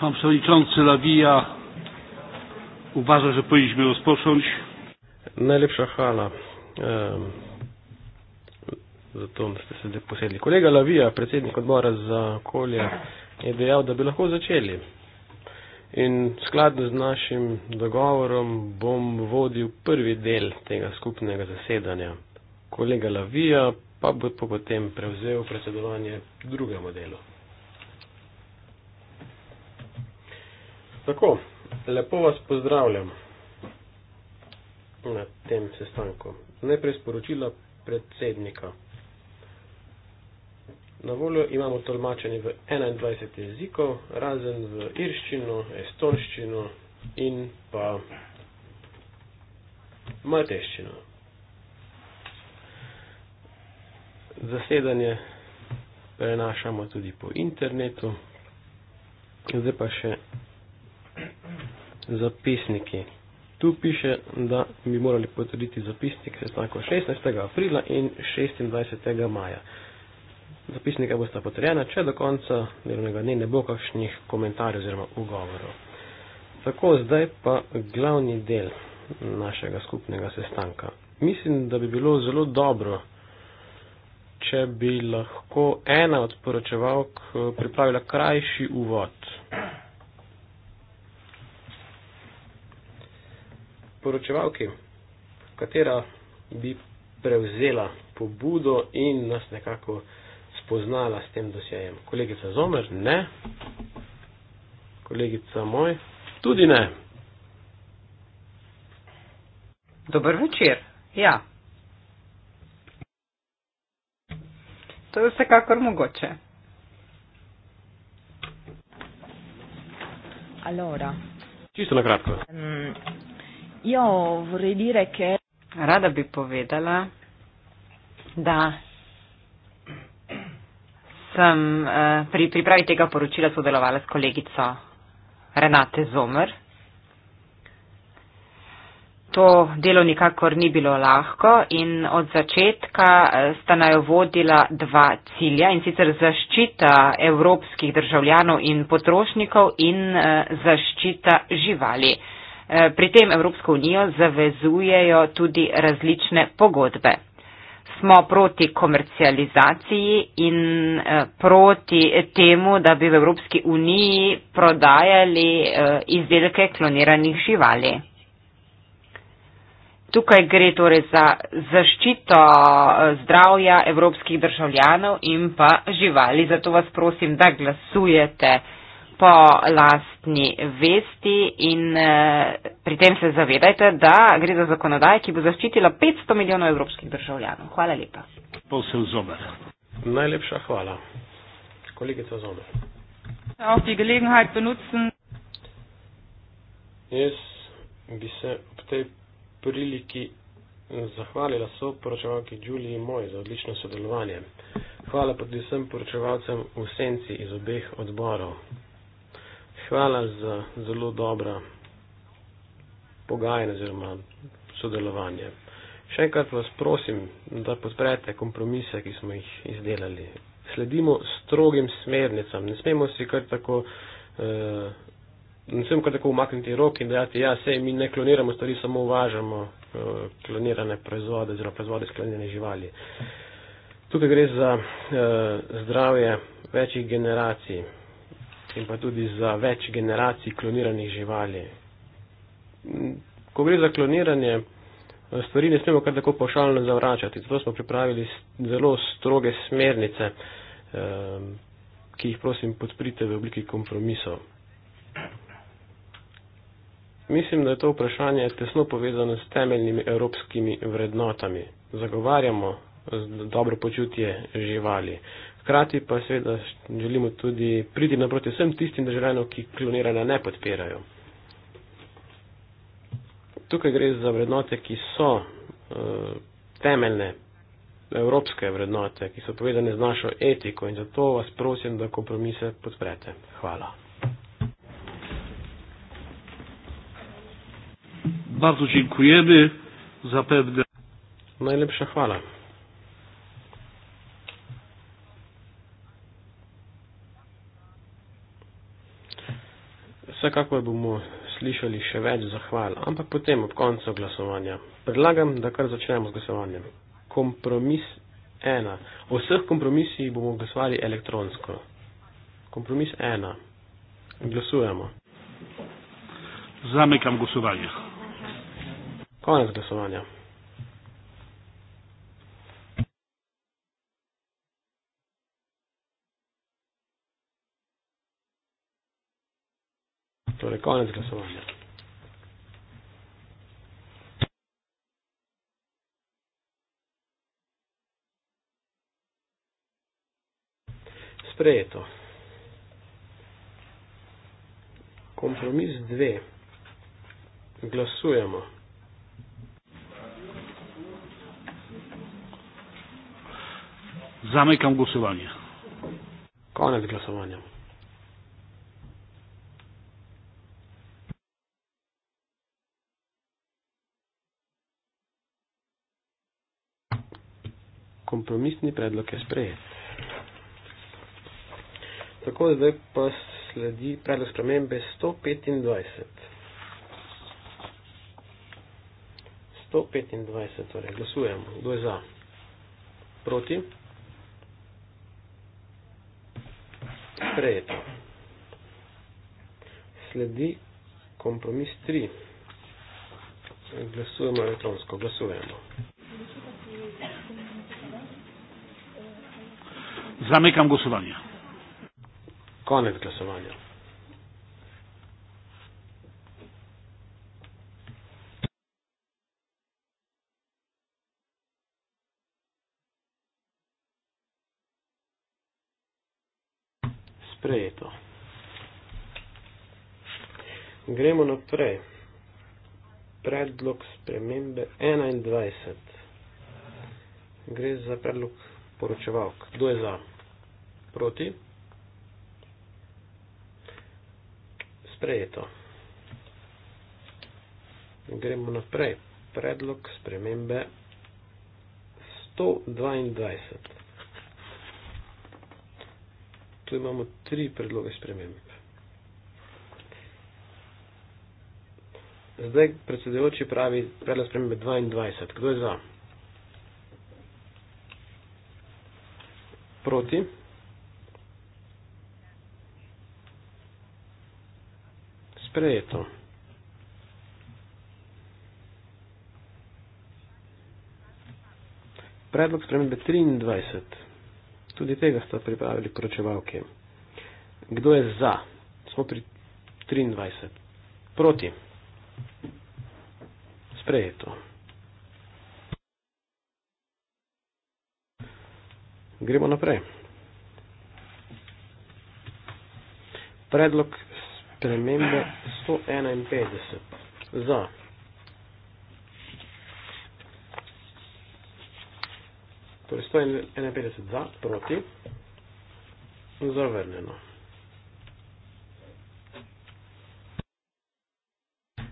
Pan przewodniczący Lawija uważa, że powinniśmy rozpocząć. Najlepsza chwała. za to, da ste se posedli. Kolega Lavija, predsednik odbora za okolje, je dejal, da bi lahko začeli. In skladno z našim dogovorom bom vodil prvi del tega skupnega zasedanja. Kolega Lavija pa bo potem prevzel predsedovanje drugemu delu. Tako, lepo vas pozdravljam na tem sestanku. Najprej sporočila predsednika. Na voljo imamo tolmačenje v 21 jezikov, razen v irščino, estonščino in pa malteščino. Zasedanje prenašamo tudi po internetu. Zdaj pa še zapisniki. Tu piše, da bi morali potrditi zapisnik sestanko 16. aprila in 26. maja. Zapisnika bosta potrjena, če do konca delovnega dne ne bo kakšnih komentarjev oziroma ugovorov. Tako, zdaj pa glavni del našega skupnega sestanka. Mislim, da bi bilo zelo dobro, če bi lahko ena od poročevalk eh, pripravila krajši uvod. poročevalki, katera bi prevzela pobudo in nas nekako spoznala s tem dosjejem. Kolegica Zomer, ne. Kolegica moj, tudi ne. Dobar večer. Ja. To je vsekakor mogoče. Allora. Čisto na kratko. Jo, ja, vorrei dire che... Rada bi povedala, da sem eh, pri pripravi tega poročila sodelovala s kolegico Renate Zomer. To delo nikakor ni bilo lahko in od začetka eh, sta najo vodila dva cilja in sicer zaščita evropskih državljanov in potrošnikov in eh, zaščita živali. Eh, pri tem Evropsko unijo zavezujejo tudi različne pogodbe. Smo proti komercializaciji in eh, proti temu, da bi v Evropski uniji prodajali eh, izdelke kloniranih živali. Tukaj gre torej za zaščito zdravja evropskih državljanov in pa živali. Zato vas prosim, da glasujete po lastni vesti in eh, pri tem se zavedajte, da gre za zakonodaj, ki bo zaščitila 500 milijonov evropskih državljanov. Hvala lepa. Povsem zomer. Najlepša hvala. Kolegica zomer. Jaz bi se ob tej priliki zahvalila so poročevalki Julie in moj za odlično sodelovanje. Hvala pa tudi vsem poročevalcem v senci iz obeh odborov hvala za zelo dobra pogajanja oziroma sodelovanje. Še enkrat vas prosim, da podprete kompromise, ki smo jih izdelali. Sledimo strogim smernicam. Ne smemo si kar tako, eh, ne smemo kar tako umakniti roki in dejati, ja, sej mi ne kloniramo stvari, samo uvažamo eh, klonirane proizvode oziroma proizvode sklonjene živali. Tukaj gre za eh, zdravje večjih generacij in pa tudi za več generacij kloniranih živali. Ko gre za kloniranje, stvari ne smemo kar tako pošaljno zavračati. Zato smo pripravili zelo stroge smernice, ehm, ki jih prosim podprite v obliki kompromisov. Mislim, da je to vprašanje tesno povezano s temeljnimi evropskimi vrednotami. Zagovarjamo dobro počutje živali. Hkrati pa seveda želimo tudi priti naproti vsem tistim državljanom, ki kloniranja ne podpirajo. Tukaj gre za vrednote, ki so uh, temeljne evropske vrednote, ki so povezane z našo etiko in zato vas prosim, da kompromise podprete. Hvala. Bardzo dziękujemy za pewne. Najlepsza chwała. Vsekakor bomo slišali še več zahval, ampak potem ob koncu glasovanja. Predlagam, da kar začnemo z glasovanjem. Kompromis 1. O vseh kompromisih bomo glasovali elektronsko. Kompromis 1. Glasujemo. Zamekam glasovanje. Konec glasovanja. konec glasovanja. Sprejeto. Kompromis 2. Glasujemo. Zamekam glasovanje. Konec glasovanja. kompromisni predlog je sprejet. Tako zdaj pa sledi predlog spremembe 125. 125, torej glasujemo. Kdo je za? Proti? Sprejeto. Sledi kompromis 3. Glasujemo elektronsko. Glasujemo. Zamykam głosowanie. Koniec głosowania. Sprejeto. Gremo naprej. Predlog spremembe 21. Gre za predlog poročevalk. Kdo je za? Proti? Sprejeto. Gremo naprej. Predlog spremembe 122. Tu imamo tri predloge sprememb. Zdaj predsedujoči pravi predlog spremembe 22. Kdo je za? Proti? Proti? sprejeto. Predlog spremembe 23. Tudi tega sta pripravili poročevalke. Kdo je za? Smo pri 23. Proti. Sprejeto. Gremo naprej. Predlog spremembo 151 za torej 151 za proti zavrnjeno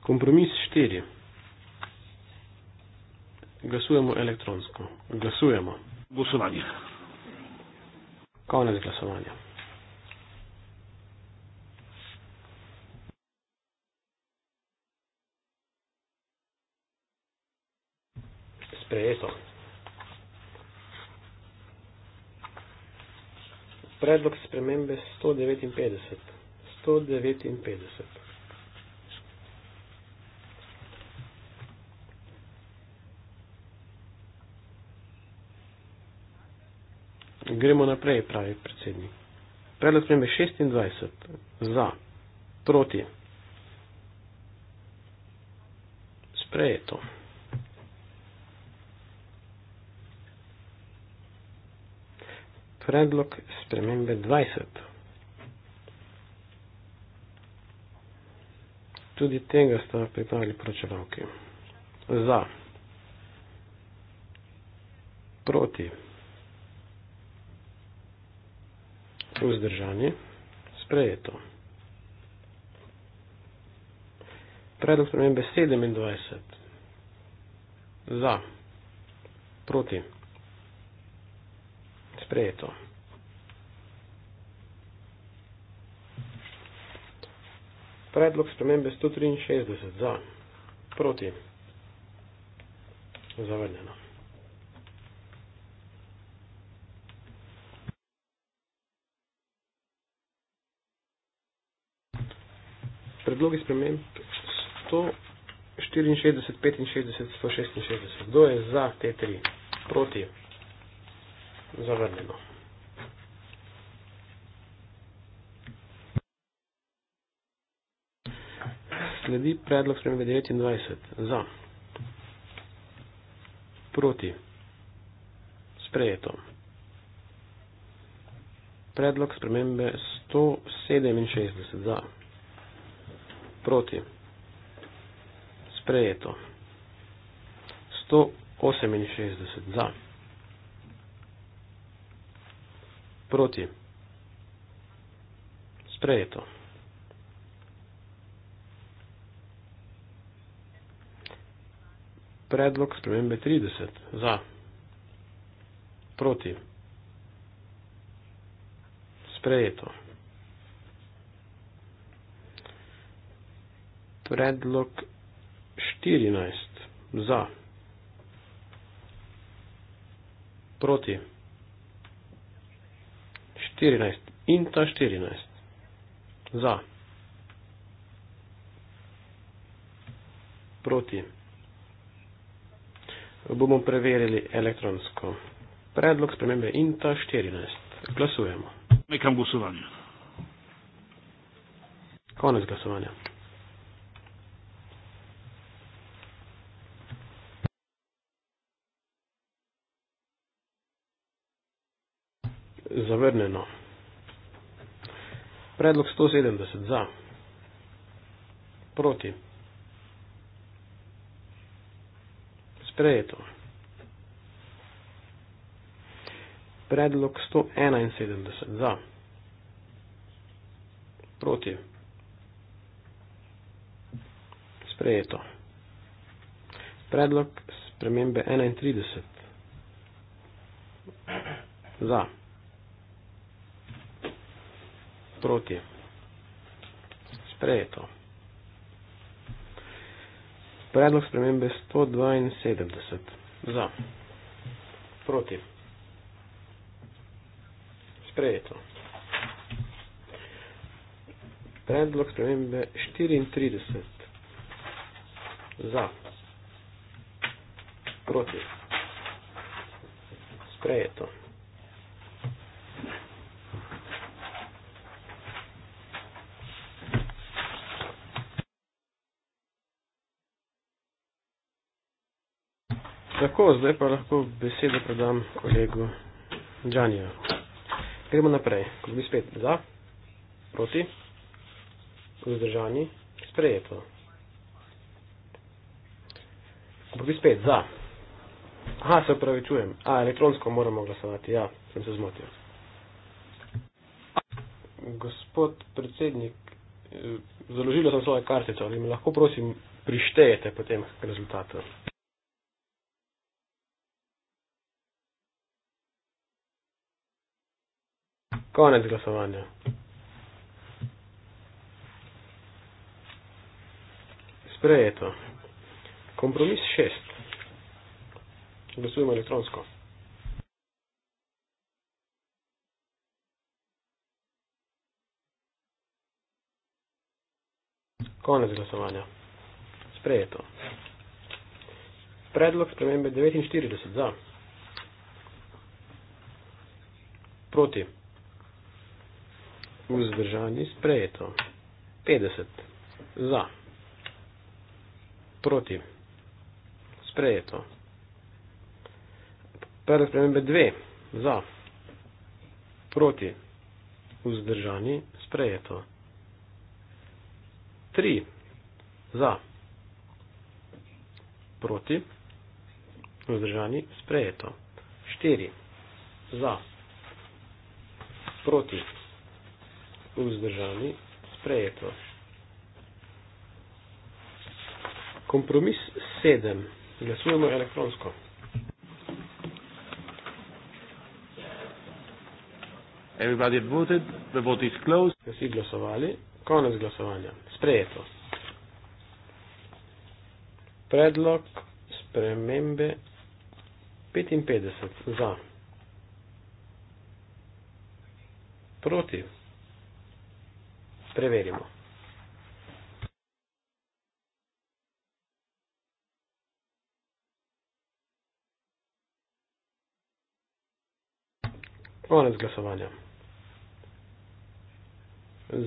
kompromis 4 glasujemo elektronsko glasujemo glasovanje konec glasovanja sprejeto. Predlog spremembe 159. 159. Gremo naprej, pravi predsednik. Predlog spremembe 26. Za. Proti. Sprejeto. predlog spremembe 20. Tudi tega sta pripravili poročevalki. Za. Proti. Vzdržani. Sprejeto. Predlog spremembe 27. Za. Proti sprejeto. Predlog spremembe 163 za proti zavrnjeno. Predlogi sprememb 164, 65, 166. Kdo je za te tri? Proti zavrnemo. Sledi predlog spremembe 29. Za. Proti. Sprejeto. Predlog spremembe 167. Za. Proti. Sprejeto. 168. Za. proti. Sprejeto. Predlog spremembe 30. Za. Proti. Sprejeto. Predlog 14. Za. Proti. 14 in ta 14 za, proti. Bomo preverili elektronsko. Predlog spremembe INTA 14. Glasujemo. Nekam glasovanja. Konec glasovanja. zavrnjeno. Predlog 170 za. Proti. Sprejeto. Predlog 171 za. Proti. Sprejeto. Predlog spremembe 31 za nasprotje. Sprejeto. Predlog spremembe 172. Za. Proti. Sprejeto. Predlog spremembe 34. Za. Proti. Sprejeto. Tako, zdaj pa lahko besedo predam kolegu Džanijo. Gremo naprej. Kdo bi spet za, proti, vzdržani, sprejeto. Kdo bi spet za. Aha, se upravičujem. A, elektronsko moramo glasovati. Ja, sem se zmotil. Gospod predsednik, eh, založila sem svojo kartico, ali mi lahko prosim prištejete potem rezultatov. Konec glasovanja. Sprejeto. Kompromis šest. Glasujemo elektronsko. Konec glasovanja. Sprejeto. Predlog spremembe 49 za. Proti vzdržani sprejeto. 50 za, proti, sprejeto. Prve spremembe 2 za, proti, vzdržani sprejeto. 3 za, proti, vzdržani sprejeto. 4 za, proti, vzdržani sprejeto vzdržani, sprejeto. Kompromis sedem. Glasujemo elektronsko. Everybody voted, the vote is closed. Vsi glasovali, konec glasovanja, sprejeto. Predlog spremembe 55 za. Proti preverimo. Konec glasovanja.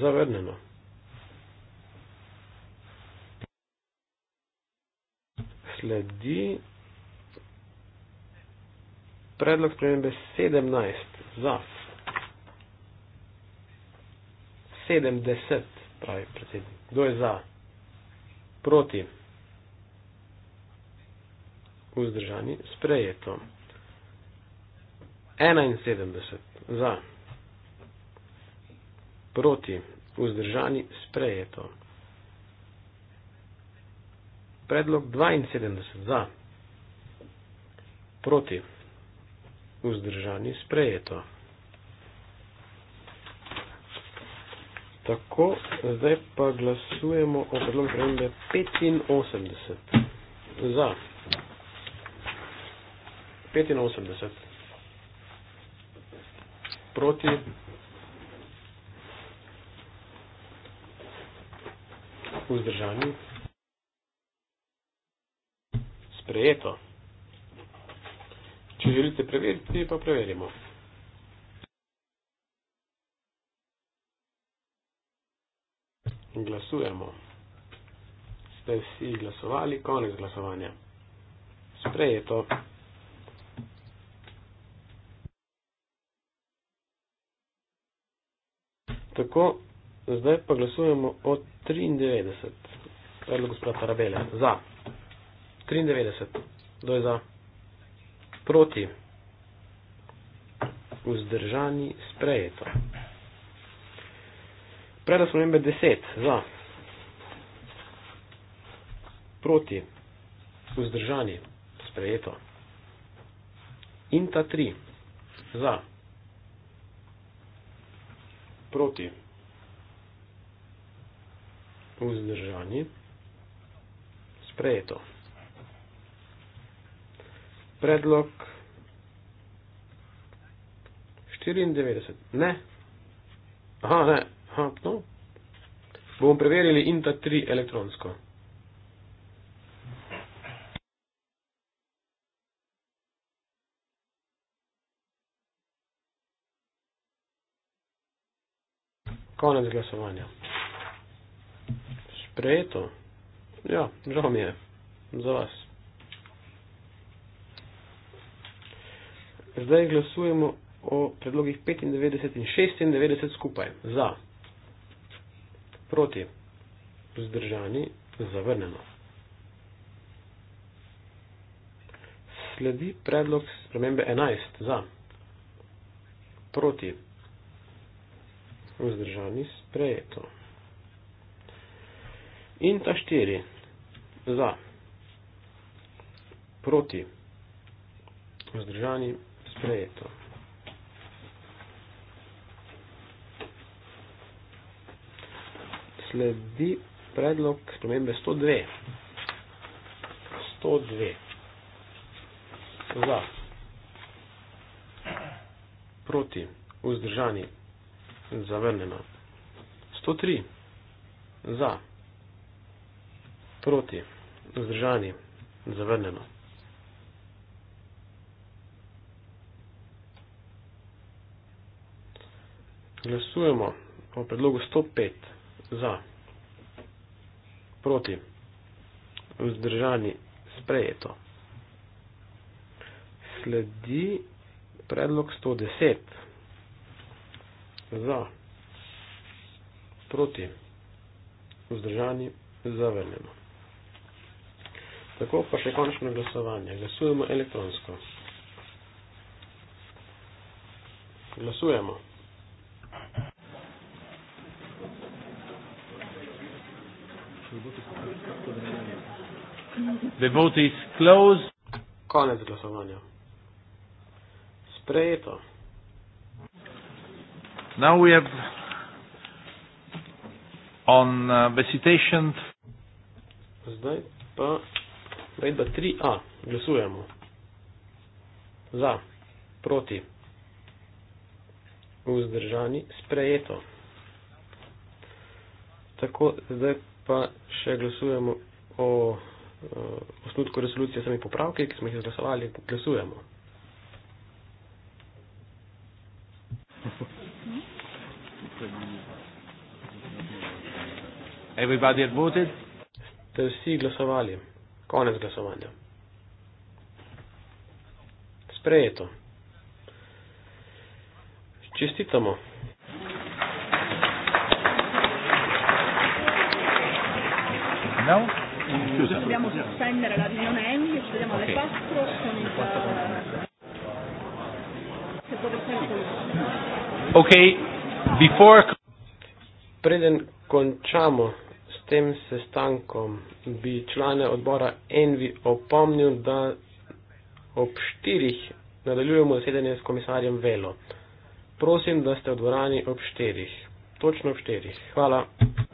Zavrnjeno. Sledi predlog spremembe 17 za 70, pravi predsednik. Kdo je za? Proti. Vzdržani. Sprejeto. 71. Za. Proti. Vzdržani. Sprejeto. Predlog 72. Za. Proti. Vzdržani. Sprejeto. Tako, zdaj pa glasujemo o predlogu spremembe 85. Za. 85. Proti. Vzdržanju. Sprejeto. Če želite preveriti, pa preverimo. glasujemo. Ste si glasovali, konec glasovanja. Sprejeto. Tako, zdaj pa glasujemo o 93. Predlog gospoda Tarabele. Za. 93. Kdo je za? Proti. Vzdržani sprejeto. Predlog spremembe 10 za proti vzdržani sprejeto. In ta 3 za proti vzdržani sprejeto. Predlog 94. Ne. Aha, ne. Ha, no. Bomo preverili INTA 3 elektronsko. Konec glasovanja. Sprejeto. Ja, žal mi je. Za vas. Zdaj glasujemo o predlogih 95 in 96 skupaj. Za proti, vzdržani, zavrnjeno. Sledi predlog spremembe 11 za, proti, vzdržani, sprejeto. In ta štiri, za, proti, vzdržani, sprejeto. sledi predlog spremembe 102. 102. Za. Proti. Vzdržani. Zavrnjeno. 103. Za. Proti. Vzdržani. Zavrnjeno. 105 za, proti, vzdržani, sprejeto. Sledi predlog 110 za, proti, vzdržani, zavrnjeno. Tako pa še končno glasovanje. Glasujemo elektronsko. Glasujemo. The vote is closed. Konec glasovanja. Sprejeto. Now we have on uh, the citation. Zdaj pa redba 3a. Glasujemo. Za. Proti. Vzdržani. Sprejeto. Tako, zdaj pa še glasujemo o eh, osnutku resolucije sami popravki, ki smo jih izglasovali, glasujemo. Everybody had voted. Ste vsi glasovali. Konec glasovanja. Sprejeto. Čestitamo. no? dobbiamo sospendere la riunione Emily ci vediamo alle 4 con il eh, se potete ok before predem s tem sestankom bi člane odbora Envi opomnil, da ob štirih nadaljujemo zasedanje s komisarjem Velo. Prosim, da ste v dvorani ob štirih. Točno ob štirih. Hvala.